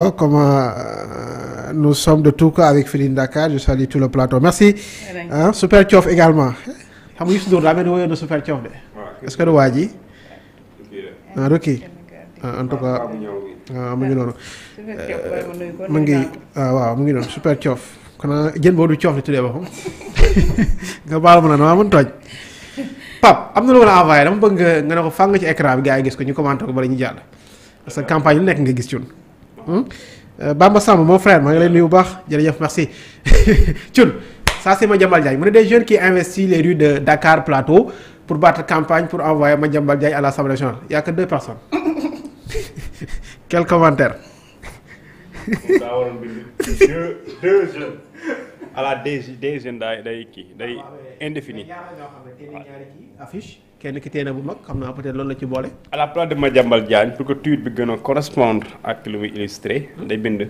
Oh, comment euh, nous de tout cas avec Feeling Dakar je salue tout le plateau merci. ah Super Thiof xam nga Youssou Ndour daa mel ni woyoon na Super Thiof de. est-ce que waa ji. ah Rocky ah, en tout cas ah, mu ngi noonu. mu ngi waaw ah, waaw mu ngi noonu Super Thiof. xanaa jën boobu du Thiof la tuddee boppam nga baal ma ne maa mën toj. Pape am na lu ma envoyé dama bëgg nga ne ko fàng ci écran bi gars yi gis ko ñu commenté ko bari ñu jàll. parce que campagne lu nekk nga gis ci Hmm? Euh, Bamba Samb mon frère maa ngi lay nuyu bu baax jërëjëf merci Thioune ça c'est Madiambal Diagne mu ne des jeunes qui investissent les rues de Dakar Plateau pour battre campagne pour envoyer ma Diagne à l'Assemblée nationale y a que deux personnes quel commentaire. daa ala dégenda day kii day indéfini affiche kenn ki teena bu mag xam naa peut-être loolu la ci boole à la place de Madiambal Diagne pour que tweet bi gën a correspondre ak lu muy illustré day bind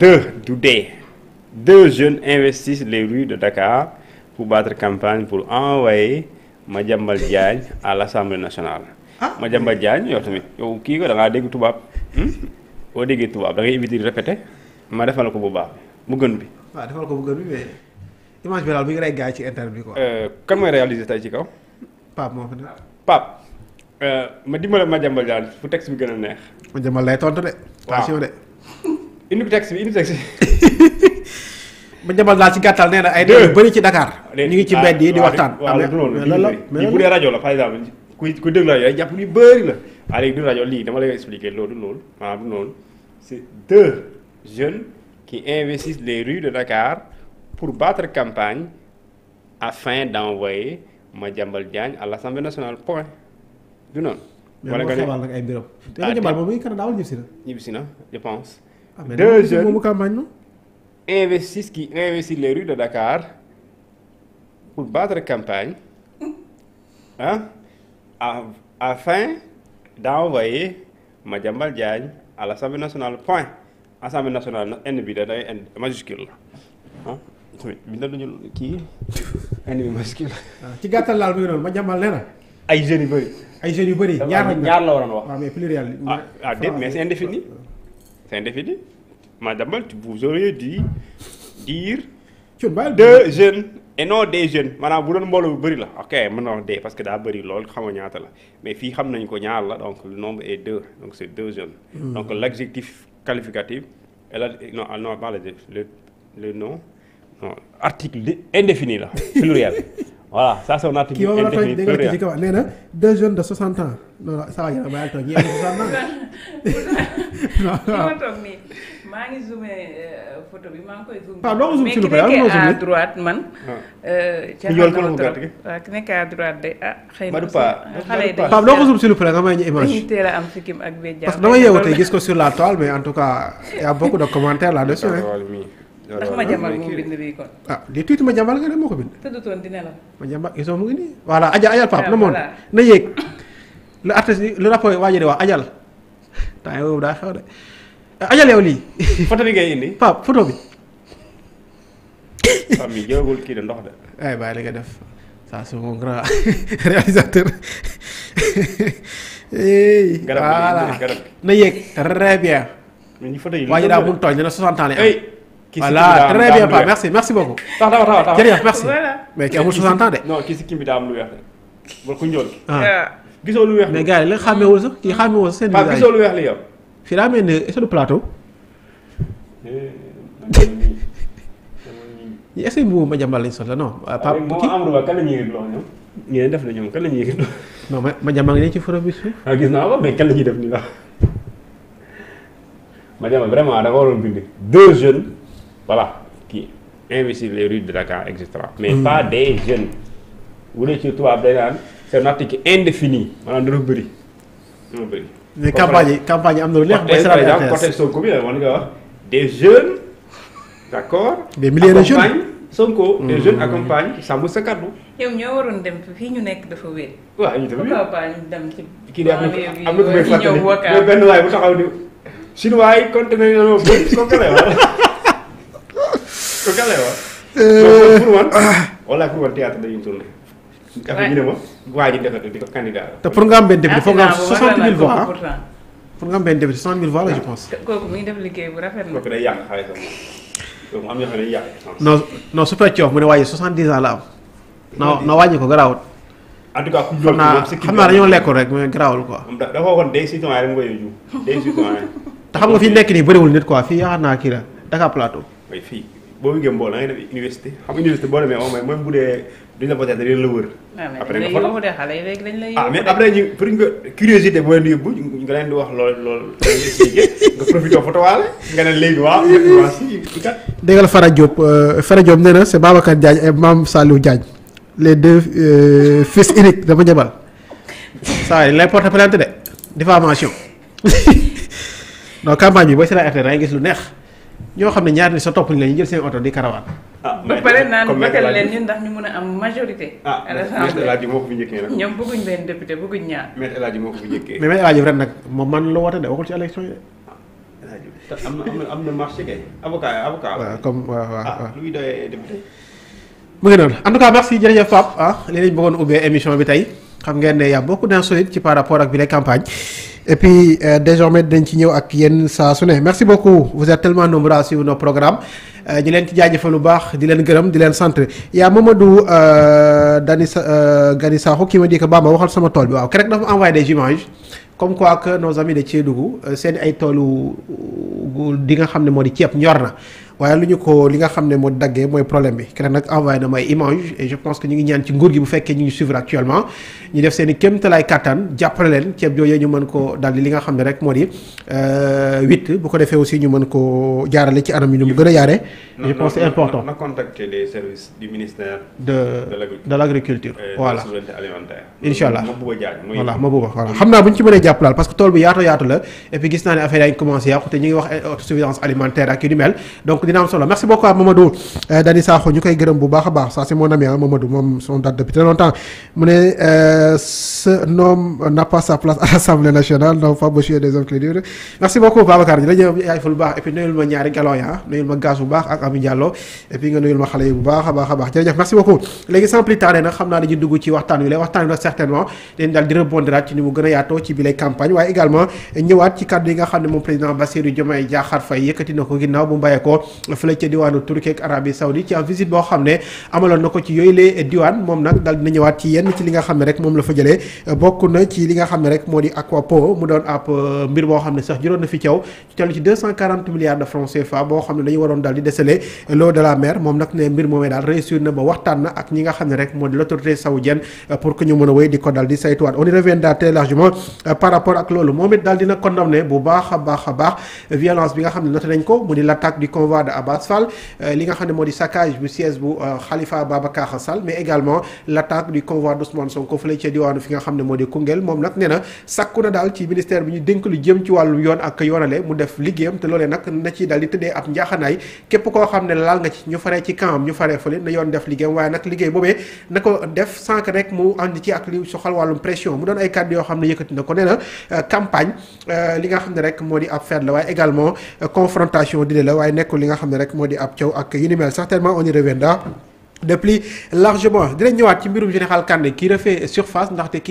deux du dee deux jeunes investissent les rues de Dakar pour battre campagne pour envoyer Madiambal Diagne à l'Assemblée nationale ah. Madiambal Diagne yow tamit yow kii ko da ngaa dégg tubaab hmm? boo déggee tubaab da ngay éviter di répéter ma defal ko bu baax mu gën bi waaw defal ko bu gën bi mais image bi daal mi ngi rey gars ci internet bi ko euh, kan mooy réaliser tey ci kaw. Pape moo fa nekk. Pape euh, ma dimbale ma jàmbal daal fu texte bi gën a neex. ma jàmbal lay tontu de. attention de. indi texte ma jàmbal daal ci gàttal nee ay. dégg yu bëri ci Dakar. Ah, ñu ngi ci mbedd yi di ah, waxtaan. am na la mais bu dee rajo la par exemple kuy kuy déglu rajo ay jàpp yu bëri la. waaye ah, léegi du rajo lii dama lay expliquer loolu loolu maanaam du noonu c'est deux jeunes. qui investissent les rues de Dakar pour battre campagne afin d'envoyer Madiambal Diagne à l'Assemblée nationale point du noonu. wala nga ne mais nag ay mbiram. Ah, te ñibbisi na je pense. Ah, deux jeunes moomu campagne na. investissent qui investissent les rues de Dakar pour battre campagne ah afin d'envoyer Madiambal Diagne à l'Assemblée nationale point. assemblée national nag n bi da day n majuscule la ah, bindal nañu kii n ah, ci gàttal laal muy noonu ma jàmmal nee ay jeunes yu bëri ay jeunes yu bëri ñaar ñaar la waroon wax waaw ah, mais pluriel ah déet mais c'est indéfini c'est indéfini ma jàmmal vous deux jeunes et des jeunes maanaam bu doon mbooloo bu bëri la ok mën na wax dee parce que daa bëri lool xam ñaata la mais fii xam nañ ko ñaar la donc le nombre deux donc c'est deux jeunes hmm. donc l'adjectif qualificatif et là non non pas le le indéfini la pluriel voilà ça c'est un article kii moom deux jeunes de 60 ans non non la tooñ ñii am na 60 ans. maa ngi zoomé euh, bi maa ngi koy zoom. Ah. Euh, waaw doo ah, ma zoom na ma zoom si lu bëri a am sikkim ak bee parce que dama yeewu tey gis la toile mais en tout cas y a beaucoup de commentaires là ah, mu ngi nii voilà Adja Ajal Pape na moon na yéeg. lu artiste lu rapport waajal di wax Ajal temps yii daa xew de ajal yow lii. photo bi ngay indi. bi. Pape kii ndox li nga def ça c'est mon grand réalisateur. voilà na yéeg très bien. ñu daa bëgg tooñ ne na 60 ans lay am. voilà très bien merci merci beaucoup. tax tax tax jërëjëf merci. mais ki amul 60 ans de. lu weex de. wala ku njool. Ah. Ah. gisoo lu weex gisoo lu weex li yow. fii daa mel ne est-ce que plateau. Eh, est ce que mbubu Madiambal lañ soxla non. Euh, ah, la ñuy yëg lool ñoom. ñeneen def na ñoom kan la ñuy yëg lool. non ci forom bi suuf. waaw ah, gis naa ko mais kan la ñuy def nii wax Madiambal vraiment dafa waroon bind deux jeunes voilà qui investissent les rues de Dakar et cetera. mais hmm. pas tubaab day naan c'est mais campagne yi campagne yi am na lu neex. mooy par exemple Sonko bi la man nga wax des jeunes d' accord. des milliers de jeunes Sonko. des hmm. jeunes accompagne sàmm sa yow ñoo waroon dem fii ñu nekk dafa wér. waaw ñu dem dem ci. am na ku may benn waay bu taxaw ni chinois yi compté nañu ne moom bëri kooku lay wax kooku lay wax. donc pour man ah. affaire ñu te pour nga am benn député foog nga am 60 ah, 000 voix ah. pour nga am benn député 60 000 voix la je pense. Ah, kooku mu ngi def ne yàq. non non su fekkee mu ne waaye 70 ans la am. na na wàññi ko garaawut. en tout cas ku xam naa xam naa dañoo lekkul rek mais garaawul quoi. dafa waxoon day citoyen rek te xam nga fi nekk nii bëriwul nit quoi fii yaakaar naa kii la Dakar Plateau. boobu ngeen boole da ngay def université xam université boo demee moom mooy bu dee duñ la voté dañ la wër. ah mais après ñu pour nga curiosité boo leen di yóbbu nga leen di wax lool lool nga profité photo waale nga ne léegi waaw waaw si kat. dégg euh, nga euh, de diffamation non campagne bi booy seetaan RTS da gis lu neex. ñoo xam ne ñaari ni sa topp ñu la ñu jël seen oto di karawaan. ah mais pare naan bëggal leen ñun ndax ñu mën a am majorité. ah mais El Hadj moo ko fi njëkkee nag. ñoom bëgguñ benn député bëgguñ ñaar. mais El Hadj moo ko fi njëkkee. mais mais El Hadj ren nag moom man la woote de waxul ci élection yi de. ah El Hadj am na am na marché kay avocat avocat. waaw comme waaw waaw ah luy doyee député. mu ngi noonu en tout cas merci jërëjëf Pape ah li lañ bëggoon ubbee émission bi tey xam ngeen ne y' a beaucoup d'insolites ci par rapport ak bi la campagne et puis euh, désormais dañ ci ñëw ak yenn saa su ne merci beaucoup vous êtes tellement nombreux à suivre nos euh, leen ci jaajëfal lu baax di leen gërëm di leen sant yaa Mamadou euh, Dani euh, Gani Sakho kii ma di ko Bamba waxal sama tool bi waaw keroog dafa envoyé des images. comme quoi que nos amis de Kédougou seen ay toolu di nga xam ne moo di ceeb ñor na waaye lu ñu ko li nga xam ne moo daggee mooy problème bi keneen nag envoyé na may image et je ñu ngi ñaan ci nguur gi bu fekkee ñu ngi suivre actuellement ñu def seen i kéemtalaay kattan jàppale leen ceeb yooyu ñu mën ko daldi li nga xam ne rek moo di huit bu ko defee aussi ñu mën ko jaarale ci anam yi nu mu gën a yaare je pense c'est important na contacter les services de de l'agriculture voilà incha ma bëgg voilà xam naa bu ñu ci mënee jàpp parce que tool bu yaatu yaatu la et gis naa ne affaire yaa ngi commencé yàqu te ñu ngi wax autosuffisance alimentaire ak yu donc dina am solo merci beaucoup à Mamadou euh, Dani Sakho ñu koy gërëm bu baax a baax ça c'est mon ami ah Mamadou moom son depuis très longtemps mu ne euh, ce nom n'a sa place à nationale non pas bu baax et puis nuyul ma ñaari xam naa dañuy dugg ci waxtaan wi lay waxtaan wi nag certainement dañ daal di rebondir campagne waaye également ñëwaat ci kàddu yi nga xam ne moom président Bassirou Diomaye Diakhar Faye yëkkati na ko ginnaaw bu mbayee ko diwaanu Turquie ak Arabie Saoudite ci amaloon na ko ci yooyu lee diwaan moom nag daal dina ñëwaat ci yenn ci li nga xam ne rek moom la fa bokk na ci li nga xam ne rek moo di Aquapo euh, milliards de francs boo xam ne dañu waroon daal di déceler l'eau de la mer moom nag ne mbir moomee daal réussir na ba waxtaan na ak ñi euh, a par rapport ak loolu moom it daal dina condamné bu baax a baax a baax violence bi nga xam ne noté nañ ko mu di l' attaque du convoi de euh, li nga xam ne moo di saccage bu siège bu euh, Khalifa Babacar Sall mais également l' attaque du convoi d' Ousmane Sonko diwaanu fi nga xam ne moo di Koungheul moom nag nee na sàkku na daal ci ministère bi ñu dénk lu jëm ci wàllu yoon ak yoonale mu def liggéeyam te loolee nag na ci daal di tëddee ab njaaxanaay na euh, campagne euh, li nga xam ne rek moo di ab feet la waaye également euh, confrontation d'idées la waaye nekkul li nga xam ne rek moo di ab cow ak yu ni mel certainement on y de plus largement dinañ ñëwaat ci mbirum général Kandé kii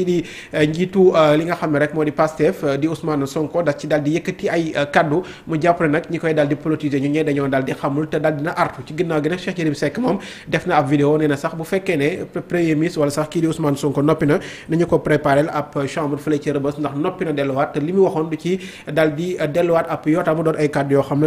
di euh, njiitu euh, li nga xam ne rek moo di Pastef euh, di Ousmane Sonko da ci daal di yëkkati ay kaddu mu jàpp nag ñi koy daal di ñu ñee dañoo daal di xamul te daal dina artu ci ginnaaw gi nag Cheikh Yérim Seck moom def na ab vidéo nee na sax bu fekkee ne premier ministre wala sax kii di Ousmane Sonko noppi na nañu ko préparé ab chambre fële ci ndax noppi na delluwaat te li mu waxoon du ci daal di delluwaat ab yoota doon ay kaddu yoo xam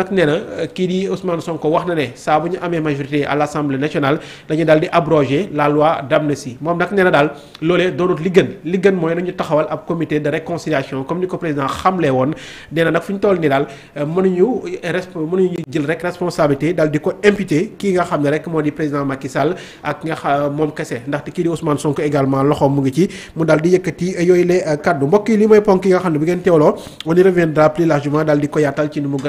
nag nee na euh, kii di Ousmane Sonko wax na ne saa ñu amee majorité à l' assemblée nationale dañuy daal di abroger la loi d' amnistie moom nag nee daal loolee doonut li gën li gën mooy nañu taxawal ab comité de réconciliation comme ni ko président xamlee woon nee na nag fu ñu toll nii daal euh, mënuñu euh, resp mënuñu jël responsabilité daal di ko imputer kii nga xam ne rek moo di président Macky Sall ak nga xam moom kese ndaxte kii di Ousmane Sonko également loxoom mu ngi ci mu daal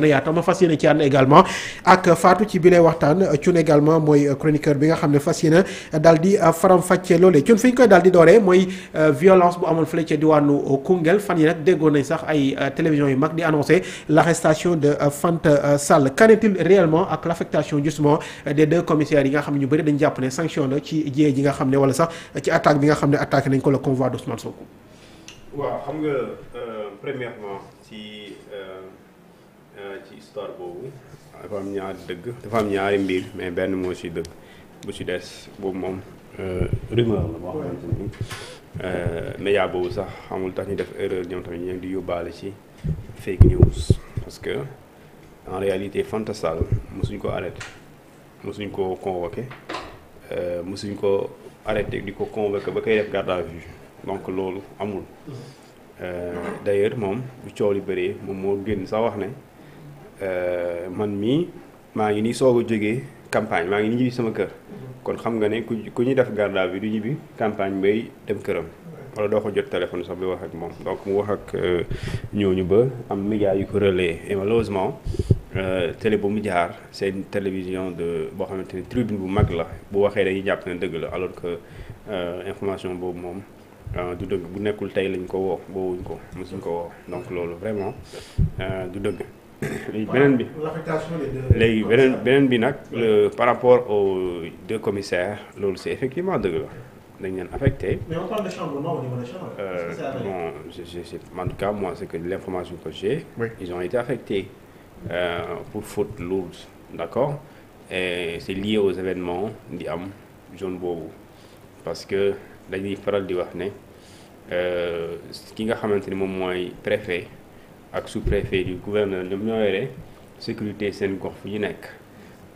a yaatal ma yéene ci ànd également ak Fatou ci bile waxtaan cun également mooy chroniqueur bi nga xam ne fas yéene daal di faram-fàccee loolee cun fi ñu koy daal di dooree mooy euh, violence bu amoon fële diwaanu Koungheul fan yi nag déggoon nañ sax ay euh, télévision yu mag di annoncé l'arrestation de euh, Fanta yi nga xam ne ñu bëri dañ jàpp ne sanction la ci jiyee ji nga xam ne wala sax ci attaque bi nga xam ne attaqué nañ ko le convoi d'Ousmane Sonko waaw ci histoire dafa am ñaari dëgg dafa am ñaari mbir mais benn moo si dëgg bu si des boobu moom euh, rumeur la boo xamante ni euh, média boobu sax xamul tax ñu def erreur ñoom tamit di yóbbaale ci fake news parce que en réalité Fanta mosuñ ko arrêté mosuñ ko convoqué euh, mosuñ ko arrêté di ko convoqué ba koy def garde à vue donc loolu amul d'ailleurs moom bu coow li bëree moom moo génn sax wax ne Euh, man mii maa ngi nii soog a jógee campagne maa ngi nii ñibbi sama kër kon xam nga ne ku ku ñuy def garda bi du ñibbi campagne bay dem këram wala doo ko jot téléphone sax bi wax ak moom donc mu wax ak euh, ñooñu ba am média yu ko relayer et malheureusement euh, télé bu mu jaar c'est une télévision de boo xamante ne tribune bu mag la bu waxee dañuy jàpp ne dëgg la alors que information boobu moom du dëgg bu nekkul tey lañ ko woo woowuñ ko mosuñ ko woo donc loolu vraiment du dëgg beneen bi léegi beneen beneen bi nag par rapport aux deux commissaires loolu c'est effectivement dëgg la dañ leen affecté. mais on parle de chamboulement au niveau de chambre. Euh, bon je je sais en tout cas moi c'est que l'information que j'ai ils ont été affectés euh, pour faute lourde d'accord et c'est lié aux événements di am zone boobu parce que dañuy faral di wax ne euh, ki nga xamante ni moom mooy préfet. ak sous-préfet du gouverneur ñoom ñoo yore sécurité seen gox fu ñu nekk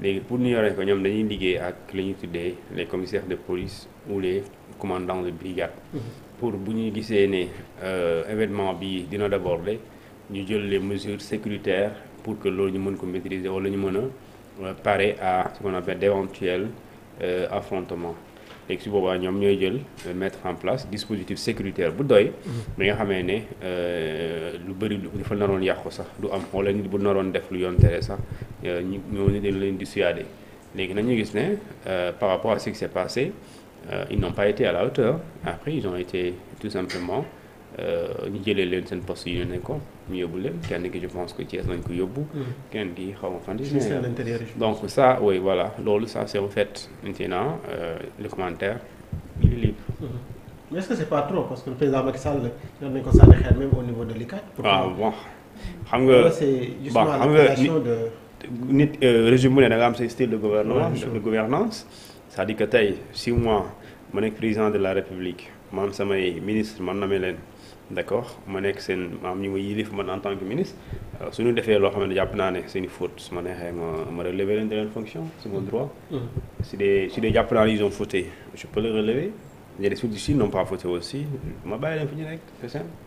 léegi pour ñu yore ko ñoom dañuy liggéey ak li ñuy tuddee les commissaires de police ou les commandants de brigade. Mhm. pour bu ñu gisee ne euh, événement bi dina déborder ñu jël les mesures sécuritaires pour que loolu ñu mën ko maîtriser wala ñu mën a euh, parer à ce qu'on appelle d'éventuels euh, affrontements. léegi si boobaa ñoom ñooy jël euh, mettre en place dispositif sécuritaire bu doy. bi mhm. nga xamee ne euh, lu bëri lu fa naroon yàqu sax du am xoola nit bu naroon def lu yoon tere sax euh, ñu ñooñu dañ leen di suyaade léegi nag ñu gis ne par rapport à ce qui s'est passé ils n'ont pas été à la hauteur après ils ont été tout simplement. Euh, ñu jëlee leen seen poste yi ñu nekkoon ñu yóbbu leen kenn ki je pense que Thiès lañ ko yóbbu. Mm-hmm. kenn ki xaw ma fan. donc ça oui voilà loolu ça c'est en fait maintenant euh, le commentaire il est libre. Mm-hmm. mais est-ce que c'est niveau de l'ICAD. waaw ah, bon xam nga loolu c'est justement l'application de. nit euh, régime bu ne da am say style de gouvernance de gouvernance cest à que tey si moi ma nekk président de la république man samay ministre man namee leen. d' accord ma nekk seen maam ñi ma yilif man en tant que ministre su ñu defee loo xam ne jàpp naa ne seeni i faute su ma neexee ma ma relever leen fonction c'est droit. Mm-hmm. su dee su dee jàpp naa ne ils ont fauté je peux le relever les autres ici pas fauté aussi ma bàyyi leen fi ñu nekk c'est simple.